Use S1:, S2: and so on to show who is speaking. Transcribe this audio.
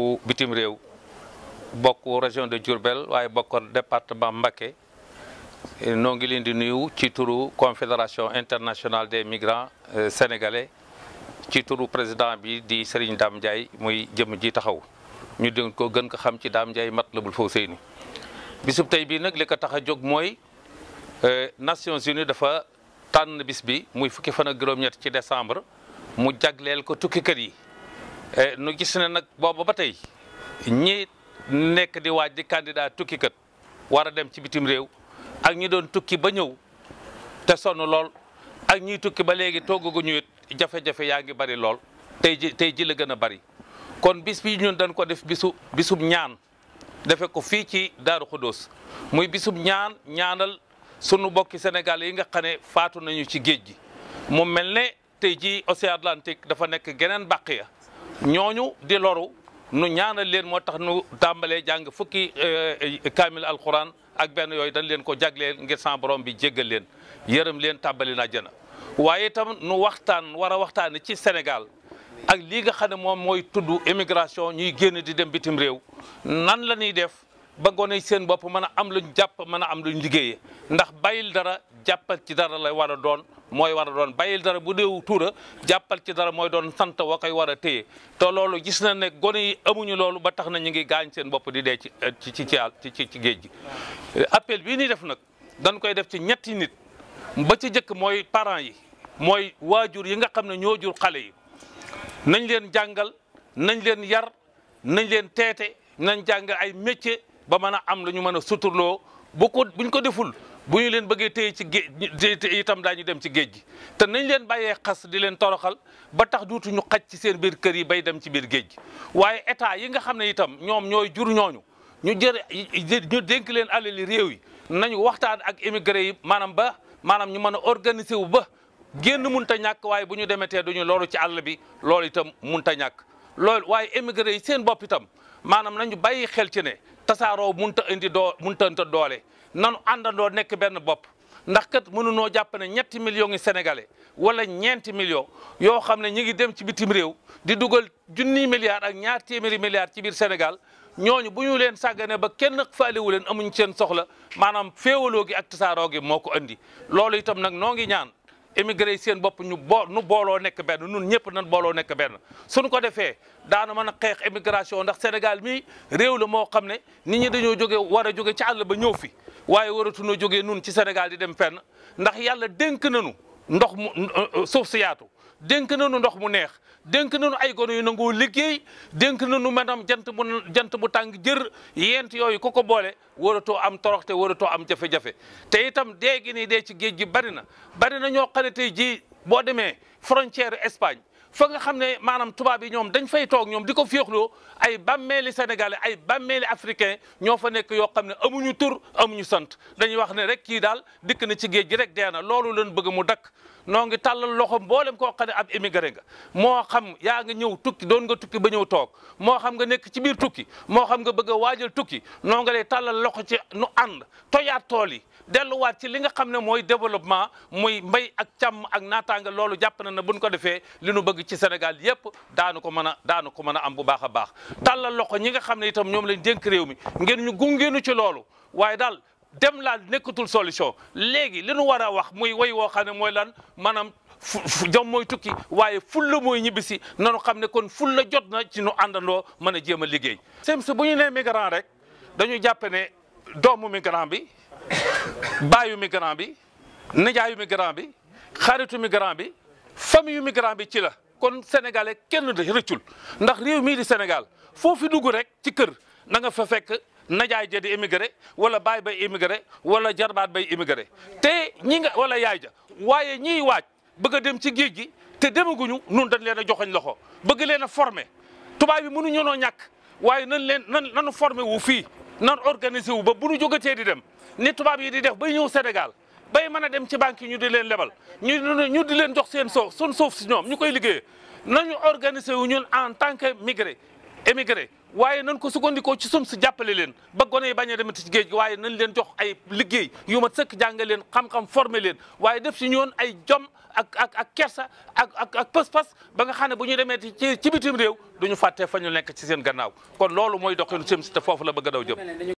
S1: bokk bitim réew bokk région de Diourbel waaye bokk département Mbacké noo ngi leen di nuyu ci turu confédération internationale des migrants euh, sénégalais ci turu président bi di Serigne Dame Ndiaye mooy jëm ji taxaw ñu dégg ko gën ko xam ci Dame Ndiaye Matlabul Fawzeyni bisub tey bi nag li ko tax a jóg mooy euh, Nations Unies dafa tànn bis bi muy fukki fan ak ñett ci décembre mu jagleel ko tukkikat yi Eh, nu gis ne nag booba ba tey ñi nekk di waaj di candidat tukki kat war a dem ci bitim réew ak ñi doon tukki ba ñëw te sonn lool ak ñiy tukki ba léegi toogaguñu it jafe-jafe yaa ngi bari lool tey ji tey ji la gën a bari kon bis bi ñun dañ ko def bisu bisub ñaan defe ko fii ci Daaru Xudóos muy bisub ñaan ñaanal sunu bokki Sénégal yi nga xane faatu nañu ci géej gi mu mel ne tey ji Océan Atlantique dafa nekk geneen bàq ya ñooñu di loru nu ñaanal leen moo tax nu tàmbalee jàng fukki euh, kaamil alquran ak benn yooyu dañ leen ko jagleel ngir san bi jéggal leen yërëm leen tàbbali na jëna waaye itam nu waxtaan war a waxtaane ci Sénégal ak lii nga xam moom mooy tuddu immigration ñuy génn di dem bitim réew nan la ñuy def ba ngoonee seen bopp mën a am luñ jàpp mën a am luñ liggéeyee ndax bàyyil dara jàppal ci dara lay war a doon mooy war a doon bàyyil dara bu déew tuura jàppal ci dara mooy doon sant wa koy war a téye te loolu gis na ne gone yi amuñu loolu ba tax na ñu ngi gaañ seen bopp di dee ci euh, ci ci ci ci géej gi appel bii ni def nag dañ koy def ci ñetti nit ba ci jëkk mooy parent yi mooy waajur yi nga xam ne ñoo jur xale yi nañ leen jàngal nañ leen yar nañ leen tete nañ jàngal ay métier ba mën a am lu ñu mën a suturloo bu ko ko deful bu ñu leen bëggee téye ci géej itam ñu dem ci géej gi te nañ leen bayee xas di leen toroxal ba tax duutuñu xaj ci seen biir kër yi bay dem ci biir géej gi waaye état yi nga xam ne itam ñoom ñooy jur ñooñu ñu jër ñu dénk leen alali réew yi nañu waxtaan ak émigré yi maanaam ba maanaam ñu mën a organiser wu ba génn munta ñàkk waaye bu ñu demetee duñu loolu ci àll bi loolu itam munta ñàkk loolu waaye émigré yi seen bopp itam maanaam nañu bàyyi xel ci ne tasaaroo munta indi doo munta doole nanu àndandoo nekk benn bopp ndax kat mënunoo jàpp ne ñetti million yi sénégalais wala ñeenti million yoo xam ne ñi ngi dem ci bitim réew di dugal junniy milliards ak ñaar téeméeri milliards ci biir Sénégal ñooñu bu ñu leen sàggane ba kenn faalewu leen amuñ seen soxla maanaam féewaloo gi ak tasaaroo gi moo ko andi loolu itam nag noo ngi ñaan. émigré yi seen bopp ñu boo nu booloo nekk benn nun ñëpp nan booloo nekk benn suñ ko defee daana ma na xeex émigration ndax Sénégal mi réew la moo xam ne nit ñi dañoo jóge war a jóge ci àll ba ñëw fi waaye waratuñoo jógee nun ci Sénégal di dem fenn ndax yàlla dénk nañu ndox mu suuf si yaatu dénk nañu ndox mu neex dénk nañu ay gono yu nangoo liggéey dénk nu maanaam jant bu jant bu tàng jër yent yooyu ku ko boole waratoo am toroxte waratoo am jafe-jafe te itam dee gi ci géej gi bari na bari na ñoo xam ne tey jii boo demee frontière Espagne fa nga xam ne maanaam tubaab yi ñoom dañ fay toog ñoom di ko féexloo ay bàmmeeli sénégalais ay bàmmeeli africain ñoo fa nekk yoo xam ne amuñu tur amuñu sant dañuy wax ne rek kii daal dikk na ci géej gi rek dee na loolu leen bëgg mu dakk noo ngi tàllal loxo mboolem koo xam ne ab émigré nga moo xam yaa nga ñëw tukki doon nga tukki ba ñëw toog moo xam nga nekk ci biir tukki moo xam nga bëgg a waajal tukki noo nga lay tàllal loxo ci nu ànd toyaat tool yi delluwaat ci li nga xam ne mooy développement muy mbay ak càmm ak naataanga loolu jàpp na na buñ ko defee li nu bëgg ci Sénégal yépp daanu ko mën a daanu ko mën a am bu baax a baax tàllal loxo ñi nga xam ne itam ñoom lañ dénk réew mi ngeen ñu gungeenu ci loolu dem laal nekkatul solution léegi li nu war a wax muy way woo xam ne mooy lan maanaam jom mooy tukki waaye fulla mooy ñibbisi nanu xam ne kon fulla jot na ci nu àndandoo mën a jéem a liggéey sem bu ñu nee migrant rek dañu jàppe ne doomu migrant bi baayu migrant bi nijaayu migrant bi xaritu migrant bi famille yu migrant bi ci la kon sénégalais kenn da rëccul ndax réew mii di Sénégal foo rek ci kër na nga fa fekk najaay ja di émigré wala baay bay émigré wala jarbaat bay émigré te ñi nga wala yaay ja waaye ñiy waaj bëgg a dem ci géej gi te demaguñu nun dañ leen a joxoñ loxo bëgg leen a former tubaab bi mënuñu noo ñàkk waaye nan leen nan nanu former wu fii nan organiser wu ba bu ñu jógatee di dem ni tubaab yi di def bay ñëw Sénégal bay mën a dem ci banque yi ñu di leen lebal ñu ñu di leen jox seen suuf sun suuf si ñoom ñu koy na nañu organiser wu ñun en tant que migré émigré waaye nan ko sukkandikoo ci sum si jàppale leen ba gone yi bañ a demati ci géej gi waaye nañ leen jox ay liggéey yu mat sëkk jàngal leen xam-xam leen waaye def si ñoon ay jom ak ak ak kersa ak ak ak ba nga xam bu ñu demee ci ci bitim réew duñu fàttee fa ñu nekk ci seen gannaaw kon loolu mooy doxinu sëm si foofu la bëgg a daw jëm